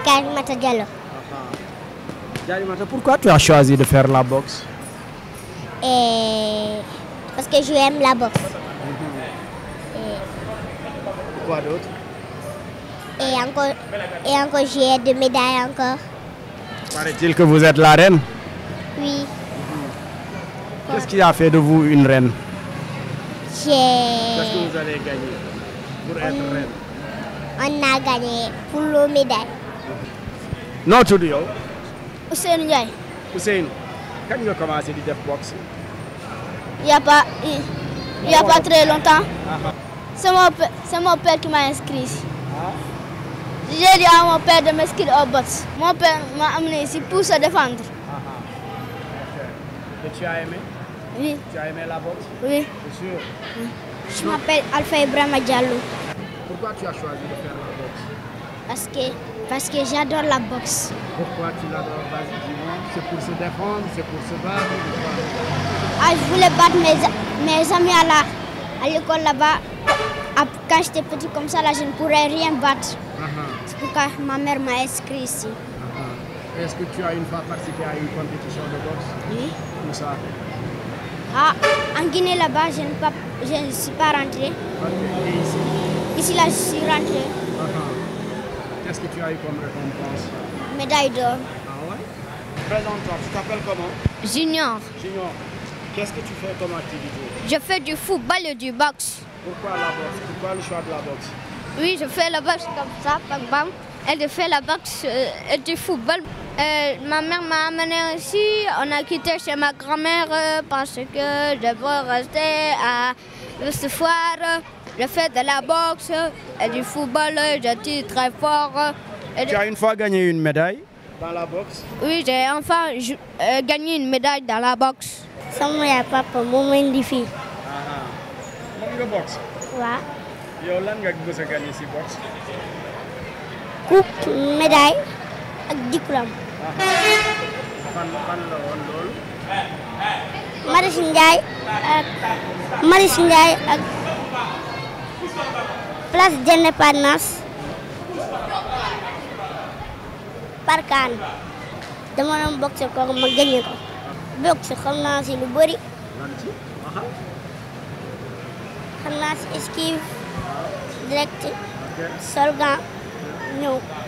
Karimata Diallo. pourquoi tu as choisi de faire la boxe Parce que je aime la boxe. Mhm. Pourquoi d'autre et encore, et encore j'ai deux médailles encore. Paraît-il que vous êtes la reine Oui. Mhm. Qu'est-ce qui a fait de vous une reine Qu'est-ce que vous allez gagner pour être reine On a gagné pour le médaille. Non tudd Hussein Tu Hussein, quand tu as commencé le def Il n'y a pas a pas très longtemps. Uh-huh. c'est mon père qui m'a inscrit ici. j'ai dit à mon père de m'inscrire au boxe. mon père m'a amené ici pour se défendre. Uh-huh. et tu as aimé. oui tu as aimé la boxe. oui c'est sûr. je m'appelle Alpha Ibrahima Diallo. pourquoi tu as choisi de faire la parce que, parce que j'adore la boxe. Pourquoi tu l'adores C'est pour se défendre, c'est pour se battre ah, Je voulais battre mes, mes amis à l'école là-bas. Quand j'étais petit comme ça, là, je ne pourrais rien battre. Uh-huh. C'est pourquoi ma mère m'a inscrit ici. Uh-huh. Est-ce que tu as une fois participé à une compétition de boxe Oui. Où ça ah, En Guinée, là-bas, je, ne, suis pas rentrée. ici Ici, là, je suis rentrée. Uh-huh qu'est-ce que tu as eu comme récompense Médaille d'or. Ah ouais Présente-toi, tu t'appelles comment Junior. Junior. Qu'est-ce que tu fais comme activité Je fais du football et du boxe. Pourquoi la boxe Pourquoi le choix de la boxe Oui, je fais la boxe comme ça, bam bam. Elle fait la boxe euh, et du football. Euh, ma mère m'a amené ici. On a quitté chez ma grand-mère euh, parce que je veux rester à ce foire. Je fais de la boxe et du football, je tire très fort. Et tu as une fois gagné une médaille dans la boxe Oui, j'ai enfin euh, gagné une médaille dans la boxe. Ça moi, papa pas pour moi ah, ah. une défi. de boxe. waaw. boxe lan a gagné si boxe. coupe médaille diplôme. Ah. fan une médaille place de l'Indépendance parkaan dama doon boxe kooku ma gagné ko boxe xam naa si lu bëri xam naa si esquive direct solgan ñëw